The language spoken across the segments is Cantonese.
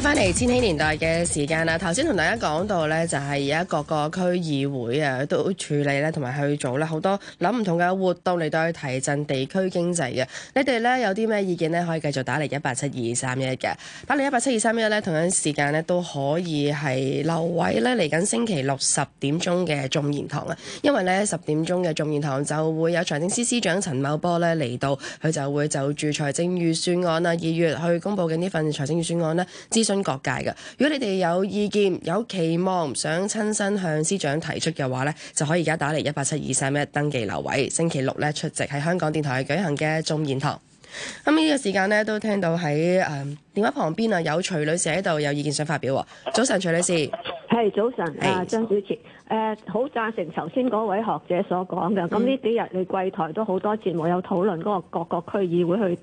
翻嚟千禧年代嘅時間啦，頭先同大家講到呢，就係而家各個區議會啊，都處理咧，同埋去做呢好多諗唔同嘅活動，嚟到去提振地區經濟嘅。你哋呢，有啲咩意見呢？可以繼續打嚟一八七二三一嘅。1? 打嚟一八七二三一呢，1, 同樣時間呢都可以係留位呢。嚟緊星期六十點鐘嘅眾言堂啊。因為呢十點鐘嘅眾言堂就會有財政司司長陳茂波呢嚟到，佢就會就住財政預算案啦，二月去公佈嘅呢份財政預算案呢。諮詢各界嘅，如果你哋有意見、有期望、想親身向司長提出嘅話呢，就可以而家打嚟一八七二三一登記留位，星期六咧出席喺香港電台舉行嘅眾言堂。咁、啊、呢、這個時間呢，都聽到喺誒、嗯、電話旁邊啊有徐女士喺度有意見想發表。早晨，徐女士係早晨 Hey. 啊，張主持誒，好、呃、贊成頭先嗰位學者所講嘅。咁呢、嗯、幾日你櫃台都好多節目有討論嗰個各個區議會去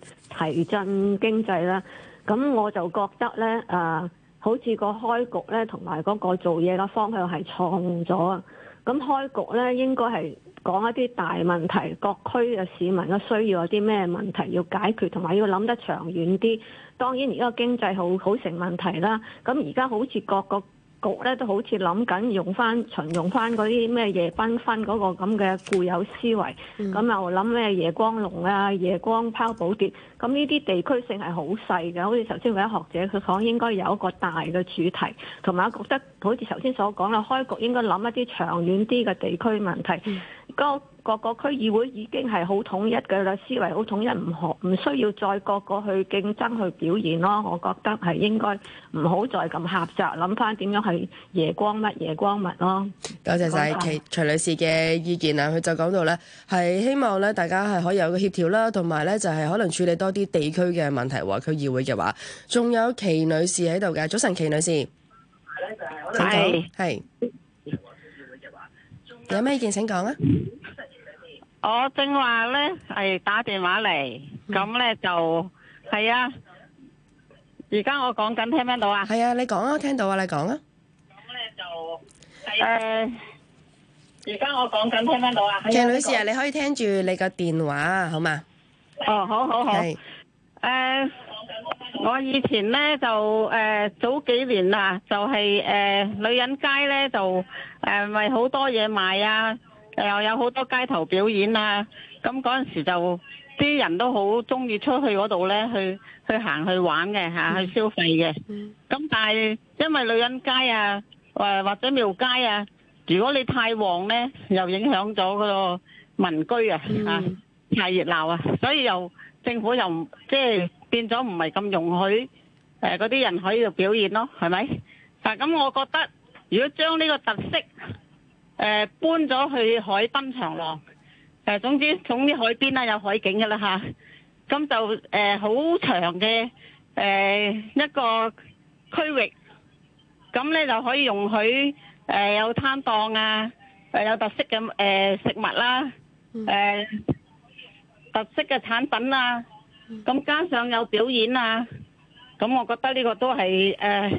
提振經濟啦。咁我就覺得呢，誒、啊，好似個開局呢，同埋嗰個做嘢嘅方向係錯誤咗啊！咁開局呢，應該係講一啲大問題，各區嘅市民嘅需要有啲咩問題要解決，同埋要諗得長遠啲。當然而家個經濟好好成問題啦，咁而家好似各個局咧都好似諗緊用翻循用翻嗰啲咩夜繽紛嗰個咁嘅固有思維，咁、嗯、又諗咩夜光龍啊、夜光拋補跌，咁呢啲地區性係好細嘅，好似頭先嗰位學者佢講應該有一個大嘅主題，同埋我覺得好似頭先所講啦，開局應該諗一啲長遠啲嘅地區問題。嗯各個個區議會已經係好統一嘅啦，思維好統一，唔可唔需要再個個去競爭去表現咯。我覺得係應該唔好再咁狹窄，諗翻點樣去夜光乜夜光物咯。多謝晒其徐女士嘅意見啦。佢就講到呢，係希望呢大家係可以有個協調啦，同埋呢就係可能處理多啲地區嘅問題喎。區議會嘅話，仲有祁女士喺度嘅，早晨祁女士。係。有咩意見請講啊！我正話咧係打電話嚟，咁咧就係啊！而家我講緊聽唔聽到啊？係啊，你講啊，聽到啊，你講啊。咁咧就誒，而家我講緊聽唔聽到啊？鄭女士啊，你可以聽住你個電話好嘛？哦，好好好。係誒。我以前呢，就，呃，早幾年，啊，就係，呃，女人街呢，就，呃，咪好多嘢賣，啊，又有好多街頭表演，啊，咁，嗰陣時就，啲人都好鍾意出去嗰度呢，去，去行去玩，嘅，去消費嘅。咁，但係，因為女人街啊，或者廟街啊，如果你太旺呢，又影響咗嗰個民居啊，太熱鬧啊，所以又，政府又，即，變咗唔係咁容許誒嗰啲人喺度表演咯，係咪？但係咁，我覺得如果將呢個特色誒搬咗去海濱長廊誒，總之總之海邊啦有海景㗎啦吓，咁就誒好長嘅誒一個區域，咁咧就可以容許誒有攤檔啊，誒有特色嘅誒食物啦，誒特色嘅產品啊。咁加上有表演啊，咁我覺得呢個都係誒、呃、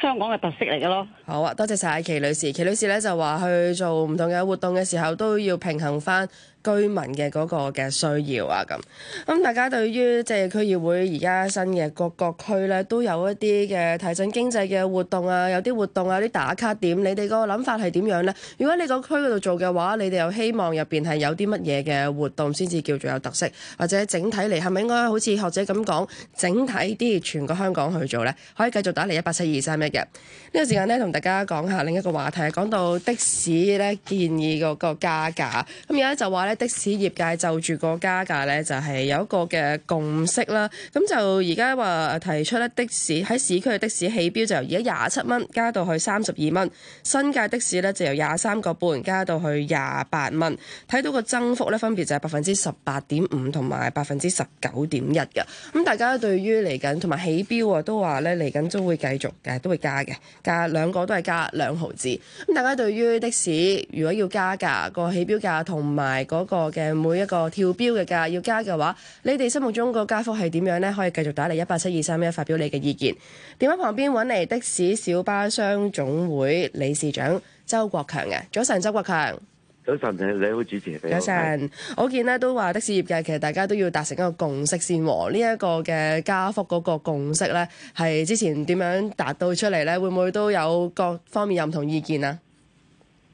香港嘅特色嚟嘅咯。好啊，多謝晒阿祁女士。祁女士咧就話去做唔同嘅活動嘅時候都要平衡翻。居民嘅嗰個嘅需要啊，咁咁、嗯、大家對於即係區議會而家新嘅各個區咧，都有一啲嘅提振經濟嘅活動啊，有啲活動啊，啲打卡點，你哋個諗法係點樣咧？如果你個區嗰度做嘅話，你哋又希望入邊係有啲乜嘢嘅活動先至叫做有特色，或者整體嚟，係咪應該好似學者咁講整體啲全個香港去做咧？可以繼續打嚟一八七二三一嘅呢、這個時間咧，同大家講下另一個話題，講到的士咧建議個個加價，咁而家就話咧。的士業界就住個加價呢，就係有一個嘅共識啦。咁就而家話提出咧，的士喺市區嘅的士起標就由而家廿七蚊加到去三十二蚊，新界的士呢就由廿三個半加到去廿八蚊，睇到個增幅呢，分別就係百分之十八點五同埋百分之十九點一嘅。咁大家對於嚟緊同埋起標啊，都話呢嚟緊都會繼續嘅，都會加嘅，加兩個都係加兩毫子。咁大家對於的士如果要加價個起標價同埋嗰個嘅每一個跳標嘅價要加嘅話，你哋心目中個加幅係點樣呢？可以繼續打嚟一八七二三一發表你嘅意見。電話旁邊揾嚟的士小巴商總會理事長周國強嘅。早晨，周國強。早晨，你好，主持。早晨。係。我見呢都話的士業界其實大家都要達成一個共識先喎。呢一個嘅加幅嗰個共識呢，係之前點樣達到出嚟呢？會唔會都有各方面有唔同意見啊？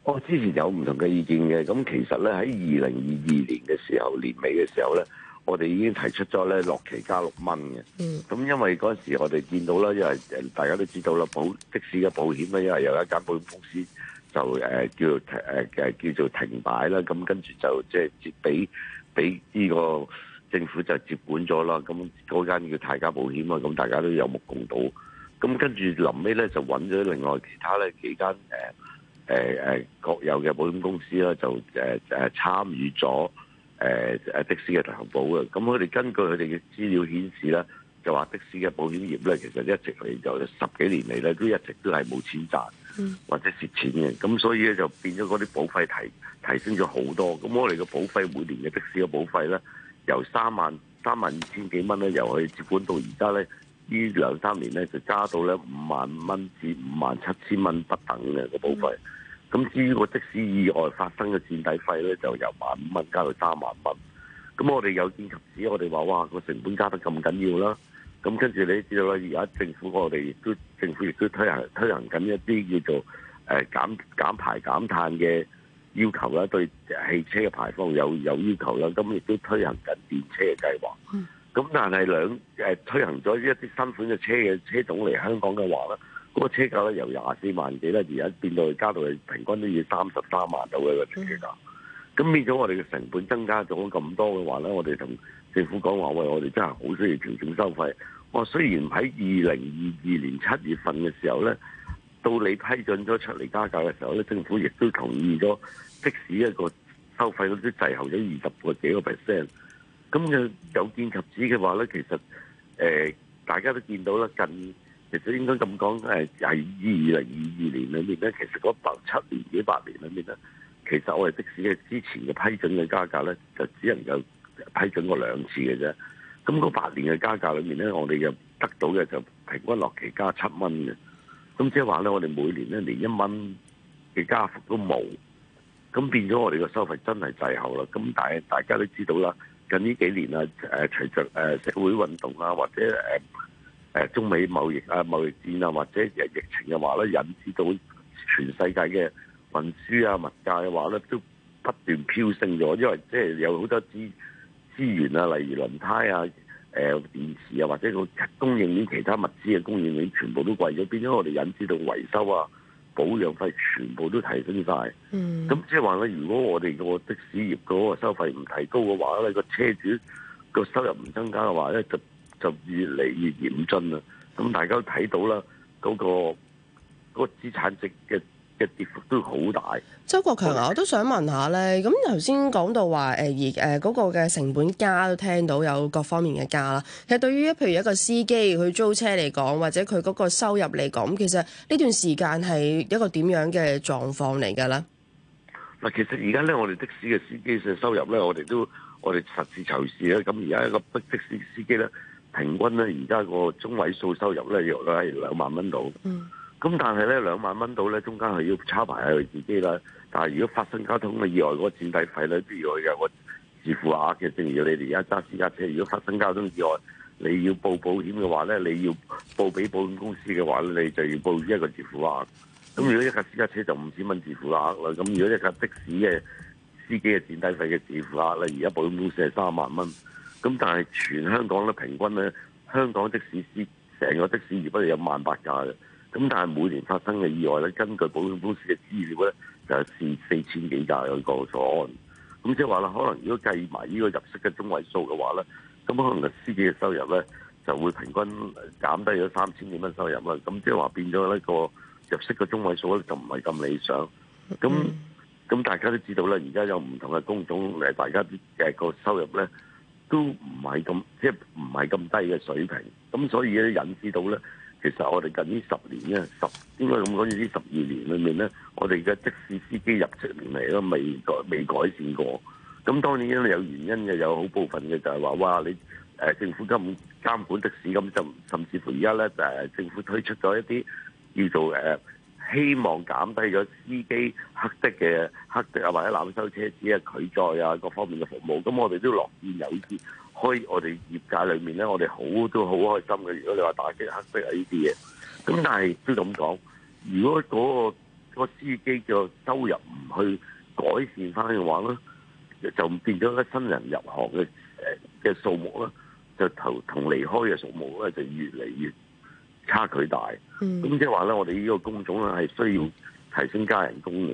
我、哦、之前有唔同嘅意見嘅，咁其實咧喺二零二二年嘅時候年尾嘅時候咧，我哋已經提出咗咧落旗加六蚊嘅。咁因為嗰陣時我哋見到啦，因為大家都知道啦，保的士嘅保險咧，因為有一間保險公司就誒、呃、叫做誒、呃、叫做停擺啦，咁跟住就即係接俾俾呢個政府就接管咗啦。咁嗰間叫泰加保險啊，咁大家都有目共睹。咁跟住臨尾咧就揾咗另外其他咧幾間誒。呃誒誒，國有嘅保險公司咧就誒誒參與咗誒誒的士嘅投保嘅，咁佢哋根據佢哋嘅資料顯示咧，就話的士嘅保險業咧其實一直嚟就十幾年嚟咧都一直都係冇錢賺，或者蝕錢嘅，咁所以咧就變咗嗰啲保費提提升咗好多，咁我哋嘅保費每年嘅的，的士嘅保費咧由三萬三萬二千幾蚊咧由佢接管到而家咧。呢兩三年咧就加到咧五萬蚊至五萬七千蚊不等嘅個保費，咁、mm hmm. 至於個即使意外發生嘅墊底費咧就由萬五蚊加到三萬蚊，咁我哋有見及此我，我哋話哇個成本加得咁緊要啦，咁跟住你知道啦，而家政府我哋亦都政府亦都推行推行緊一啲叫做誒減減排減碳嘅要求啦，對汽車嘅排放有有要求啦，咁亦都推行緊電車嘅計劃。Mm hmm. 咁但係兩誒推行咗一啲新款嘅車嘅車種嚟香港嘅話咧，嗰個車價咧由廿四萬幾咧而家變到加到去平均都要三十三萬到嘅個車價。咁變咗我哋嘅成本增加咗咁多嘅話咧，我哋同政府講話，喂，我哋真係好需要調整收費。我雖然喺二零二二年七月份嘅時候咧，到你批准咗出嚟加價嘅時候咧，政府亦都同意咗，即使一個收費都滯後咗二十個幾個 percent。咁嘅有見及此嘅話咧，其實誒、呃，大家都見到啦，近其實應該咁講，誒喺二零二二年裏面咧，其實嗰七年幾八年裏面啊，其實我哋的士嘅之前嘅批准嘅加價咧，就只能夠批准過兩次嘅啫。咁嗰八年嘅加價裏面咧，我哋又得到嘅就平均落嚟加七蚊嘅。咁即係話咧，我哋每年咧連一蚊嘅加幅都冇，咁變咗我哋嘅收費真係滯後啦。咁但係大家都知道啦。近呢幾年啊，誒隨着誒社會運動啊，或者誒誒中美貿易啊、貿易戰啊，或者誒疫情嘅話咧，引致到全世界嘅運輸啊、物價嘅話咧，都不斷飆升咗，因為即係有好多資資源啊，例如輪胎啊、誒電池啊，或者個供應鏈其他物資嘅供應鏈全部都貴咗，變咗我哋引致到維修啊。保養費全部都提升晒，咁即係話咧，如果我哋個的，的士業嗰個收費唔提高嘅話咧，個車主個收入，唔增加嘅話咧，就就越嚟越嚴峻啦。咁大家都睇到啦，嗰個嗰個資產值嘅嘅跌幅都好大。周國強啊，我都想問一下咧。咁頭先講到話，誒而誒嗰個嘅成本加都聽到有各方面嘅加啦。其實對於一，譬如一個司機佢租車嚟講，或者佢嗰個收入嚟講，其實呢段時間係一個點樣嘅狀況嚟嘅咧？嗱，其實而家咧，我哋的士嘅司機嘅收入咧，我哋都我哋實事求是咧。咁而家一個的士司機咧，平均咧，而家個中位數收入咧，約都係兩萬蚊度。嗯。咁但係咧，兩萬蚊到咧，中間係要插牌下佢自己啦。但係如果發生交通嘅意外戰呢，嗰個墊底費咧，都要佢有個自付額嘅。正如你哋而家揸私家車，如果發生交通意外，你要報保險嘅話咧，你要報俾保險公司嘅話咧，你就要報一個自付額。咁如果一架私家車就五千蚊自付額啦。咁如果一架的士嘅司機嘅墊底費嘅自付額咧，而家保險公司係三萬蚊。咁但係全香港咧，平均咧，香港的士司成個的士而不如有萬八架嘅。咁但係每年發生嘅意外咧，根據保險公司嘅資料咧，就係四四千幾大個個案。咁即係話啦，可能如果計埋呢個入息嘅中位數嘅話咧，咁可能司機嘅收入咧就會平均減低咗三千幾蚊收入啦。咁即係話變咗呢個入息嘅中位數咧，就唔係咁理想。咁咁大家都知道呢，而家有唔同嘅工種誒，大家啲誒個收入咧都唔係咁，即係唔係咁低嘅水平。咁所以咧引致到咧。其實我哋近呢十年咧，十，應該咁講，呢十二年裏面咧，我哋而家的士司機入職年嚟都未改未改善過。咁當然因為有原因嘅，有好部分嘅就係話哇，你、呃、政府監管監管的士咁就，甚至乎而家咧政府推出咗一啲叫做、呃、希望減低咗司機黑色嘅黑色啊、或者濫收車資啊、拒載啊各方面嘅服務，咁我哋都樂意有啲。開我哋業界裏面咧，我哋好都好開心嘅。如果你話打擊黑色啊呢啲嘢，咁但係都咁講，如果嗰個司機嘅收入唔去改善翻嘅話咧，就變咗一新人入行嘅嘅、呃、數目啦，就投同離開嘅數目咧就越嚟越差距大。咁即係話咧，我哋呢個工種咧係需要提升加人工嘅，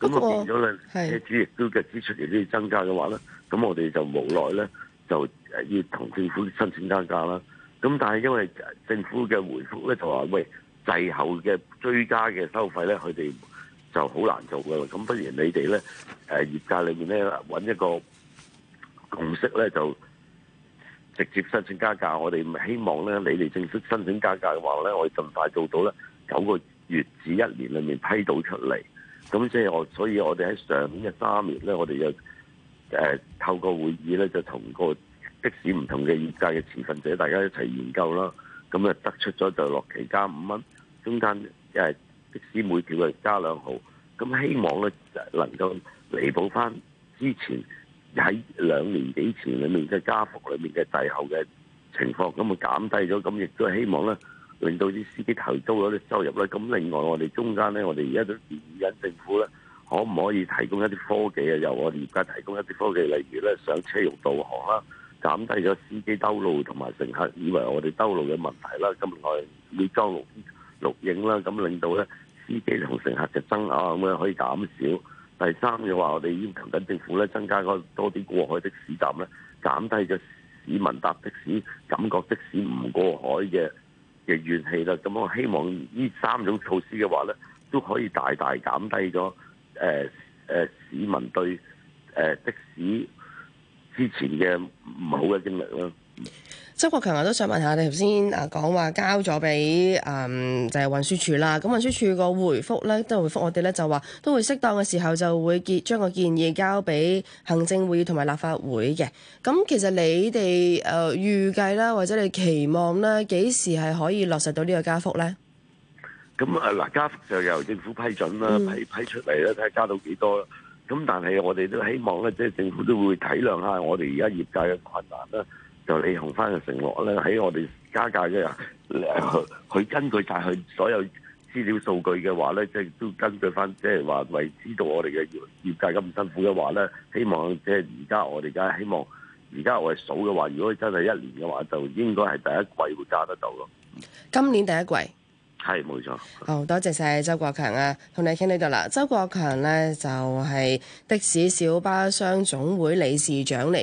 咁、嗯、變咗咧車主亦都嘅支出亦都要增加嘅話咧，咁我哋就無奈咧。就誒要同政府申請加價啦，咁但係因為政府嘅回覆咧就話喂，滯後嘅追加嘅收費咧，佢哋就好難做噶啦，咁不如你哋咧誒業界裏面咧揾一個共識咧，就直接申請加價。我哋希望咧，你哋正式申請加價嘅話咧，我哋盡快做到咧，九個月至一年裏面批到出嚟。咁即係我，所以我哋喺上年嘅三月咧，我哋又誒。呃透過會議咧，就同個的士唔同嘅業界嘅持份者，大家一齊研究啦。咁啊，得出咗就落期加五蚊，中間即係的士每條誒加兩毫。咁希望咧能夠彌補翻之前喺兩年幾前裏面即係加幅裏面嘅滯後嘅情況。咁啊減低咗，咁亦都希望咧令到啲司機提高咗啲收入咧。咁另外我哋中間咧，我哋而家都建議政府咧。可唔可以提供一啲科技啊？由我哋而家提供一啲科技，例如咧上車用導航啦，減低咗司機兜路同埋乘客以為我哋兜路嘅問題啦。咁我哋會裝錄錄影啦，咁令到咧司機同乘客嘅爭拗咁樣可以減少。第三，你話我哋要求緊政府咧增加多啲過海的士站咧，減低咗市民搭的士感覺的士唔過海嘅嘅怨氣啦。咁我希望呢三種措施嘅話咧，都可以大大減低咗。誒誒、呃，市民對誒的士之前嘅唔好嘅經歷咯。周國強，我都想問下你頭先啊講話，交咗俾嗯，就係、是、運輸署啦，咁運輸署個回覆咧都回覆我哋咧就話都會適當嘅時候就會結將個建議交俾行政會議同埋立法會嘅。咁其實你哋誒、呃、預計啦，或者你期望咧幾時係可以落實到這個呢個加幅咧？咁啊嗱，加就、嗯嗯呃、由政府批准啦、啊，批批出嚟啦，睇下加到幾多。咁但係我哋都希望咧，即係政府都會體諒下我哋而家業界嘅困難啦。就李洪翻嘅承諾咧，喺我哋加價嘅人，佢根據曬佢所有資料數據嘅話咧，即係都根據翻，即係話為知道我哋嘅業業界咁辛苦嘅話咧，希望即係而家我哋而家希望而家我哋數嘅話，如果真係一年嘅話，就應該係第一季會加得到咯。今年第一季。係冇錯。好，多謝晒周國強啊，同你傾呢度啦。周國強咧就係的士小巴商總會理事長嚟嘅。